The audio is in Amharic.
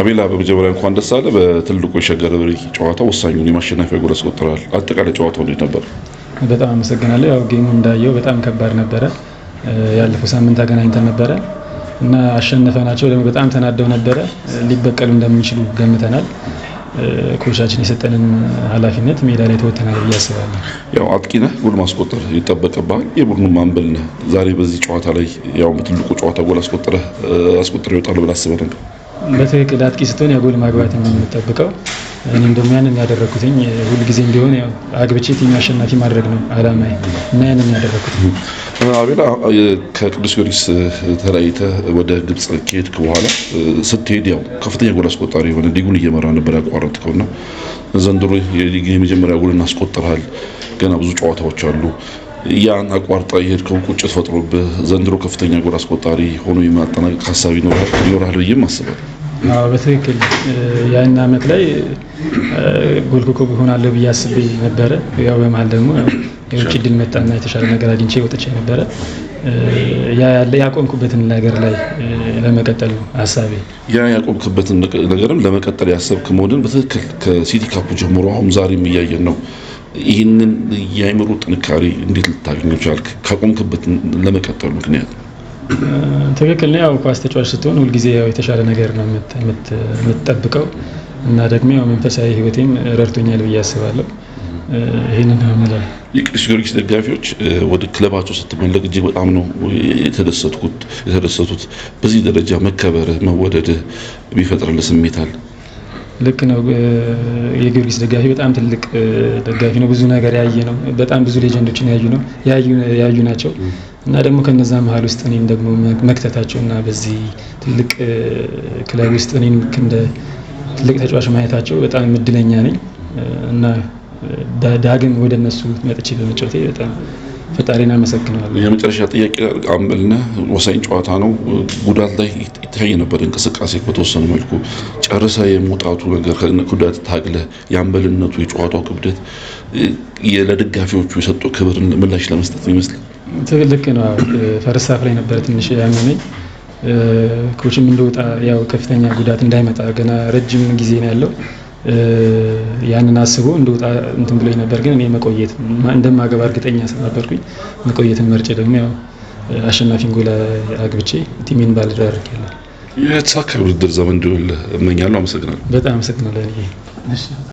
አቤላ በመጀመሪያ እንኳን ደስ አለ። በትልቁ የሸገር በርበሬ ጨዋታ ወሳኙን የማሸነፊያ ጎል አስቆጥረዋል። አጠቃላይ ጨዋታው እንዴት ነበር? በጣም አመሰግናለሁ። ያው ጌሙ እንዳየው በጣም ከባድ ነበረ። ያለፈው ሳምንት አገናኝተን ነበረ እና አሸነፈናቸው። ደግሞ በጣም ተናደው ነበረ። ሊበቀሉ እንደሚችሉ ገምተናል። ኮቻችን የሰጠንን ኃላፊነት ሜዳ ላይ ተወተናል ብዬ አስባለሁ። ያው አጥቂ ነህ፣ ጎል ማስቆጠር ይጠበቅብሃል። የቡድኑ ማንበል ነህ። ዛሬ በዚህ ጨዋታ ላይ ያው በትልቁ ጨዋታ ጎል አስቆጥረህ አስቆጥረህ ይወጣሉ ብለህ አስበህ ነበር? በትክክል አጥቂ ስትሆን ያጎል ማግባት የምንጠብቀው እኔም ደግሞ ያንን ያደረግኩትኝ ሁልጊዜም ቢሆን አግብቼ ቲም አሸናፊ ማድረግ ነው አላማ እና ያንን ያደረግኩት። አቤላ ከቅዱስ ጊዮርጊስ ተለያይተ ወደ ግብጽ ከሄድክ በኋላ ስትሄድ ያው ከፍተኛ ጎል አስቆጣሪ የሆነ ሊጉን እየመራ ነበር ያቋረጥከው እና ዘንድሮ የሊግን የመጀመሪያ ጎል እናስቆጥርሃል። ገና ብዙ ጨዋታዎች አሉ። ያን አቋርጣ የሄድከው ቁጭት ፈጥሮብህ ዘንድሮ ከፍተኛ ጎል አስቆጣሪ ሆኖ የማጠናቀቅ ሀሳብ ይኖርሃል ብዬም አስባለሁ። በትክክል ያን አመት ላይ ጎል ኮከብ እሆናለሁ ብዬ አስቤ ነበረ። ያው በመሀል ደግሞ የውጭ ድል መጣና የተሻለ ነገር አግኝቼ ወጥቼ ነበረ። ያለ ያቆምኩበትን ነገር ላይ ለመቀጠል ነው ሀሳቤ። ያ ያቆምክበትን ነገርም ለመቀጠል ያሰብክ መሆንን በትክክል ከሲቲ ካፑ ጀምሮ አሁን ዛሬም እያየን ነው። ይህንን የአእምሮ ጥንካሬ እንዴት ልታገኘ ቻልክ? ካቆምክበት ለመቀጠሉ ምክንያት ነው ትክክል ነው። ያው ኳስ ተጫዋች ስትሆን ሁልጊዜ ያው የተሻለ ነገር ነው የምትጠብቀው እና ደግሞ ያው መንፈሳዊ ሕይወቴም ረድቶኛል ብዬ አስባለሁ። ይህንን ምንላል የቅዱስ ጊዮርጊስ ደጋፊዎች ወደ ክለባቸው ስትመለቅ እጅግ በጣም ነው የተደሰቱት። በዚህ ደረጃ መከበርህ መወደድህ የሚፈጥርልህ ስሜት አለ? ልክ ነው። የጊዮርጊስ ደጋፊ በጣም ትልቅ ደጋፊ ነው። ብዙ ነገር ያየ ነው። በጣም ብዙ ሌጀንዶችን ያዩ ነው ያዩ ናቸው። እና ደግሞ ከነዛ መሀል ውስጥ እኔም ደግሞ መክተታቸው እና በዚህ ትልቅ ክለብ ውስጥ እኔም እንደ ትልቅ ተጫዋች ማየታቸው በጣም እድለኛ ነኝ እና ዳግም ወደ እነሱ መጥቼ በመጫወቴ በጣም ፈጣሪን አመሰግነዋለሁ። የመጨረሻ ጥያቄ አምበልና ወሳኝ ጨዋታ ነው። ጉዳት ላይ የተለያየ ነበር እንቅስቃሴ በተወሰነ መልኩ ጨርሰ የመውጣቱ ነገር ጉዳት ታግለ የአምበልነቱ የጨዋታው ክብደት ለደጋፊዎቹ የሰጡ ክብር ምላሽ ለመስጠት ይመስላል። ትልቅ ነው። ፈርስት ሃፍ ላይ ነበረ ትንሽ ያመመኝ። ኮችም እንደወጣ ያው ከፍተኛ ጉዳት እንዳይመጣ ገና ረጅም ጊዜ ነው ያለው ያንን አስቦ እንደወጣ እንትን ብሎኝ ነበር። ግን እኔ መቆየት እንደማገባ እርግጠኛ ነበርኩኝ። መቆየትን መርጬ ደግሞ ያው አሸናፊን ጎል አግብቼ ቲሜን ባለድል አድርጌያለሁ። የተሳካ ውድድር ዘመን እንዲሆን እመኛለሁ። አመሰግናለሁ። በጣም አመሰግናለሁ።